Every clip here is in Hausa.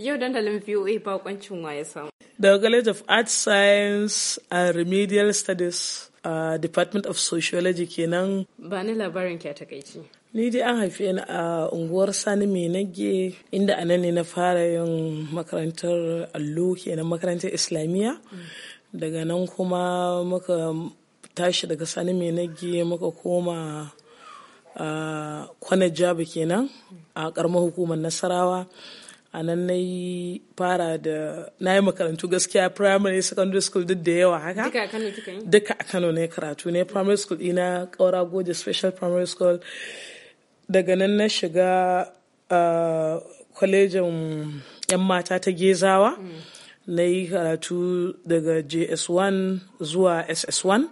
Yau dandalin VOA bakoncin wa ya samu. Daga College of Arts, Science and Remedial Studies, uh, Department of Sociology kenan. Ba ni labarin ke ta Ni dai an haife ni a unguwar Sani Menage inda a nan ne na fara yin makarantar allo kenan makarantar Islamiyya. Daga nan kuma muka tashi daga Sani Menage muka koma a kwanajabu kenan a karamar hukumar Nasarawa. a nan na yi fara da na yi makarantu gaskiya primary secondary school duk da yawa haka duka a kano ne karatu ne primary school ina kaura goje special primary school daga nan na shiga ah, kwalejin yan mata ta gezawa mm. na yi karatu daga js1 zuwa ss1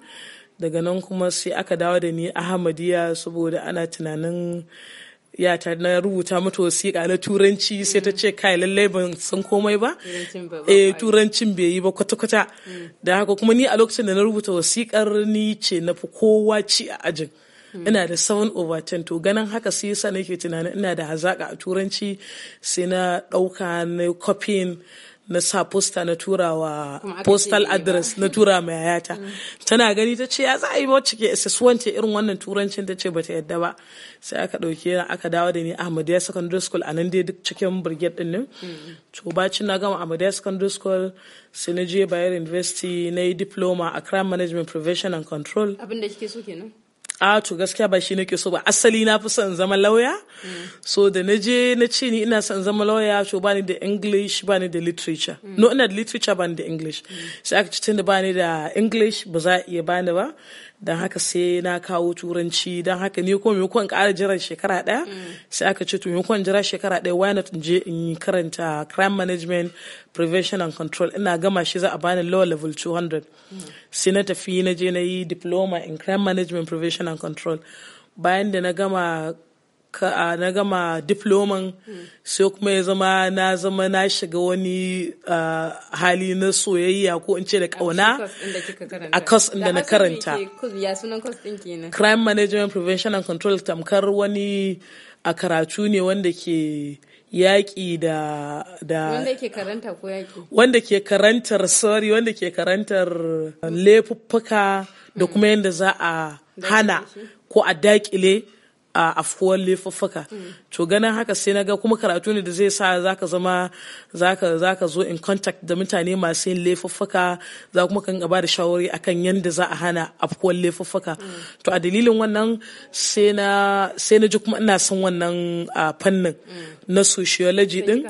daga nan kuma sai aka dawo da ni ahamadiya saboda ana tunanin yata na rubuta mata wasiƙa na turanci sai ta ce kai lallai ban san komai ba eh turancin bai yi ba kwata-kwata da haka kuma ni a lokacin da na rubuta wasiƙar ni ce na fi kowa ci a ajin ina da seven over ten to ganin haka sai yasa nake tunanin ina da hazaƙa a turanci sai na ɗauka na copying na sa posta na tura wa postal eh address na tura mai yata mm. tana gani ta ce ya za a yi wacce ke ss irin wannan turancin ta ce bata yadda ba sai aka ɗauke na aka dawo da ni ahmadiyya secondary school a nan dai duk cikin birgit din nan mm. to bacin na gama ahmadiyya secondary school sai na je bayar university na yi diploma a crime management prevention and control abin kike so kenan a to gaskiya ba shi ke so ba asali na fi son zama lauya so da na je na ce ni ina son zama lauya to bani da english bani da literature mm. no ina da literature bani da english sai aka ce tunda bani da english ba za a iya bani ba don haka sai na kawo turanci don haka ne ko maimakon kara jiran shekara ɗaya sai aka ce to maimakon jira shekara ɗaya why not in je in yi karanta crime management prevention and control ina gama shi za a bani lower level 200 sai na tafi na je na yi diploma in crime management prevention and control bayan da na gama ka na gama diploman sai kuma ya zama na zama na shiga wani hali na soyayya ko in ce da kauna a kos inda na karanta crime management prevention and control tamkar wani a karatu ne wanda ke yaƙi da, da wanda ke karantar sorry wanda ke karantar laifuffuka da mm. kuma yadda za a hana ko a daƙile afkuwar laifuffuka to ganin haka sai na ga kuma karatu ne da zai sa zaka zama zaka zaka zo in contact da mutane masu yin laifuffuka za kuma kan gaba da shawari akan yadda za a hana afkuwar laifuffuka to a dalilin wannan sai na ji kuma ina son wannan fannin na sociology din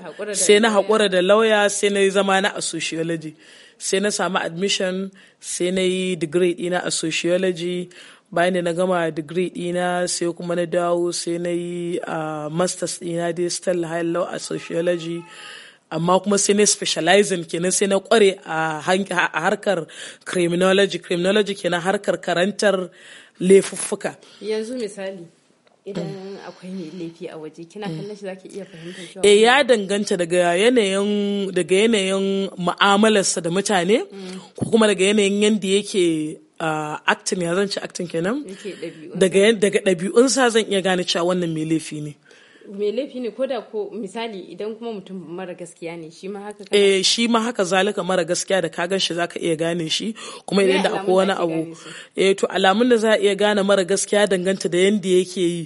sai na haƙura da lauya sai na zama na a sociology sai na samu admission sai na yi degree ɗina a sociology bayan da na gama digiri ɗina sai kuma na dawo sai na yi a masters ɗina dai still high law a sociology amma kuma sai na specializing kenan sai na kware a harkar criminology criminology kenan harkar karantar laifuffuka yanzu misali idan akwai mai laifi a waje kina kallon shi zaki iya fahimtar shi eh ya danganta daga yanayin daga yanayin mu'amalarsa da mutane mm. ko kuma daga yanayin yanda yake uh, acting ya zan ci acting kenan daga daga ɗabi'unsa zan iya gane cewa wannan mai laifi ne mai laifi ne ko da ko misali idan kuma mutum mara gaskiya ne shi ma haka eh shi ma haka zalika mara gaskiya da ka gan shi zaka iya gane shi kuma idan da akwai wani abu eh to alamun da za a iya gane mara gaskiya danganta da yanda yake yi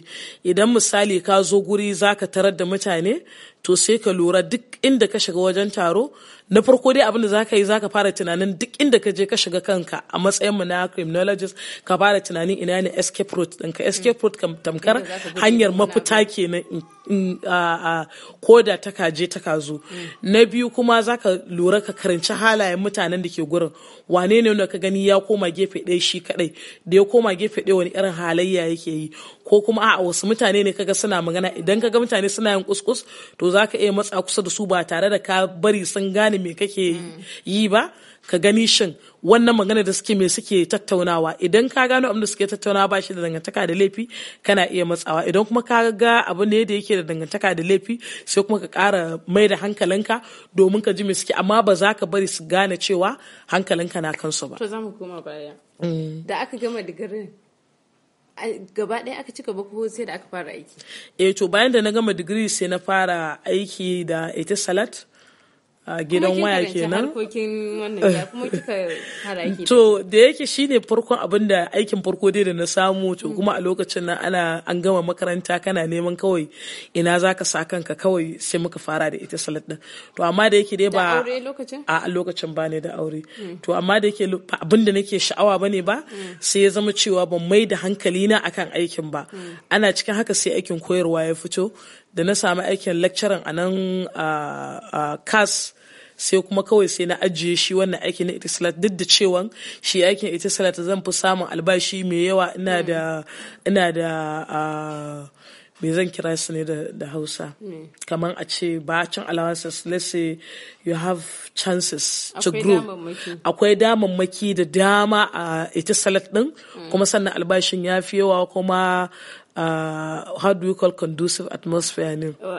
idan misali ka zo guri zaka tarar da mutane to sai ka lura duk inda ka shiga wajen taro na farko dai abinda da za ka yi za ka fara tunanin duk inda ka je ka shiga kanka a matsayin mu na criminologist ka fara tunanin ina ne escape route ka escape route tamkar hanyar mafita kenan ko koda ta kaje ta kazo mm. na biyu kuma za ka lura ka karanci halayen mutanen da ke gurin wane ne wanda ka gani ya koma gefe ɗaya shi kadai da ya koma gefe ɗaya wani irin halayya yake yi ko kuma a wasu mutane ne kaga suna magana idan kaga mutane suna yin kuskus to za ka iya matsa kusa da su ba tare da ka bari sun gane me kake yi ba ka gani shin wannan magana da suke me suke tattaunawa idan ka gano abin da suke tattaunawa ba shi da dangantaka da laifi kana iya matsawa idan kuma ka ga abu ne da yake da dangantaka da laifi sai kuma ka ƙara mai da hankalinka domin ka ji me suke amma ba za ka bari su gane cewa hankalinka na kansu ba to za mu koma baya mm. da aka gama digirin gaba ɗaya aka ci gaba ko sai da aka fara aiki eh to bayan da na gama digiri sai na fara aiki da ita salat a gidan waya kenan to da yake shine farkon abin da aikin farko dai da na samu to mm. kuma a lokacin nan ana an gama makaranta kana neman kawai ina zaka sa kanka kawai sai muka fara da ita salat din to amma da yake dai ba a lokacin ba ne da aure mm. to amma da yake abin da nake sha'awa bane ba mm. sai ya zama cewa ban mai da hankali na akan aikin ba ana cikin haka sai aikin koyarwa ya fito da na sami aikin lecturer a nan a cas sai kuma kawai sai na ajiye shi wannan aikin na itisalat duk da cewa shi aikin itisalat zan fi samun albashi mai yawa ina da ina da me zan kira su ne da hausa kamar a ce ba cin allowances let's say you have chances to grow akwai damammaki da dama a itisalat din mm. kuma sannan albashin ya fi yawa kuma uh, how do you call conducive atmosphere ne oh,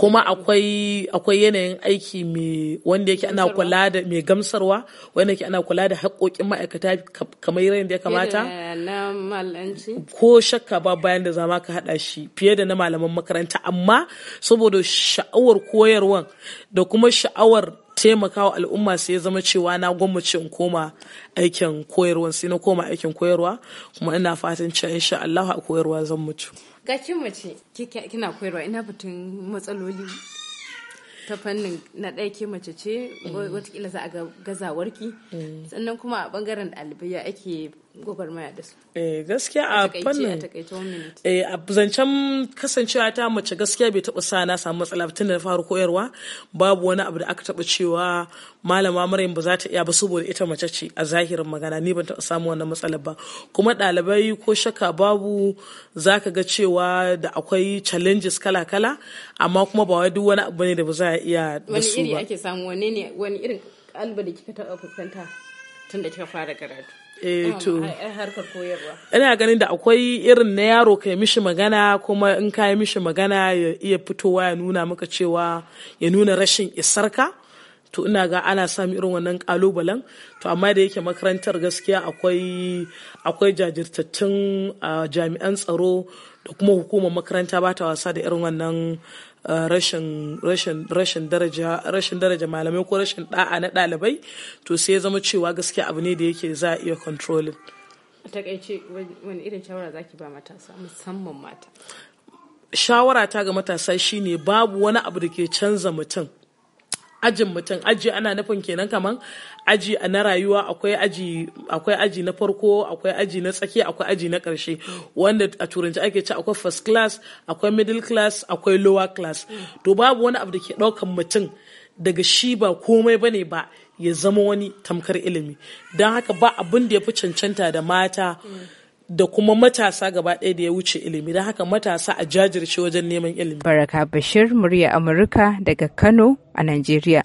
kuma akwai yanayin aiki mai wanda yake ana kula da mai gamsarwa wanda yake ana kula da haƙoƙin ma'aikata kamar yadda ya kamata eh, ko shakka ba bayan da zama ka hada shi fiye da na malaman makaranta amma saboda sha'awar koyarwan da kuma sha'awar taimakawa al'umma sai ya zama cewa na gwamnati in koma aikin koyarwa sai na koma aikin koyarwa kuma ina fatan cewa insha Allah a koyarwa zan mutu ga kin mace kina koyarwa ina batun matsaloli ta fannin na ɗaya ke mace ce mm. watakila za a ga gazawarki mm. sannan kuma a ɓangaren ɗalibai ake gwagwarmaya da su eh gaskiya a fannin eh a zancen kasancewa ta mace gaskiya bai taba sa na samu matsala tun da na faru koyarwa babu wani abu da aka taba cewa malama marayin ba za ta iya ba saboda ita mace ce a zahirin magana ni ban taba samu wannan matsalar ba kuma ɗalibai ko shaka babu za ka ga cewa da akwai challenges kala-kala amma kuma ba wai duk wani abu ne da ba za a iya da su ba wani iri ake samu wani ne wani irin alba da kika taɓa fuskanta tun da kika fara karatu eh oh, to ina ganin da akwai irin na yaro ka mishi magana kuma in ka mishi magana ya iya fitowa ya nuna maka cewa ya nuna rashin isarka to ina ga ana sami irin wannan kalubalen to amma da yake makarantar gaskiya akwai akwai jajirtattun ah, jami'an tsaro da kuma hukumar makaranta ba ta wasa da irin wannan rashin rashin daraja rashin daraja malamai ko rashin da'a na dalibai to sai ya zama cewa gaskiya abu ne da yake za a iya controlling a takaice wani irin shawara zaki ba matasa musamman mata shawara ta ga matasa shine babu wani abu da ke canza mutum ajin mutum aji ana nufin kenan kaman aji na rayuwa akwai aji na farko akwai aji na tsaki akwai aji na karshe wanda a turanci ake ci akwai first class akwai middle class akwai lower class to babu wani abu da ke daukan mutum daga shi ba komai bane ba ya zama wani tamkar ilimi don haka ba abin da ya fi cancanta da mata da kuma matasa gaba ɗaya da ya wuce ilimi da haka matasa a jajirce wajen neman ilimi. Baraka Bashir murya Amurka daga Kano a Najeriya.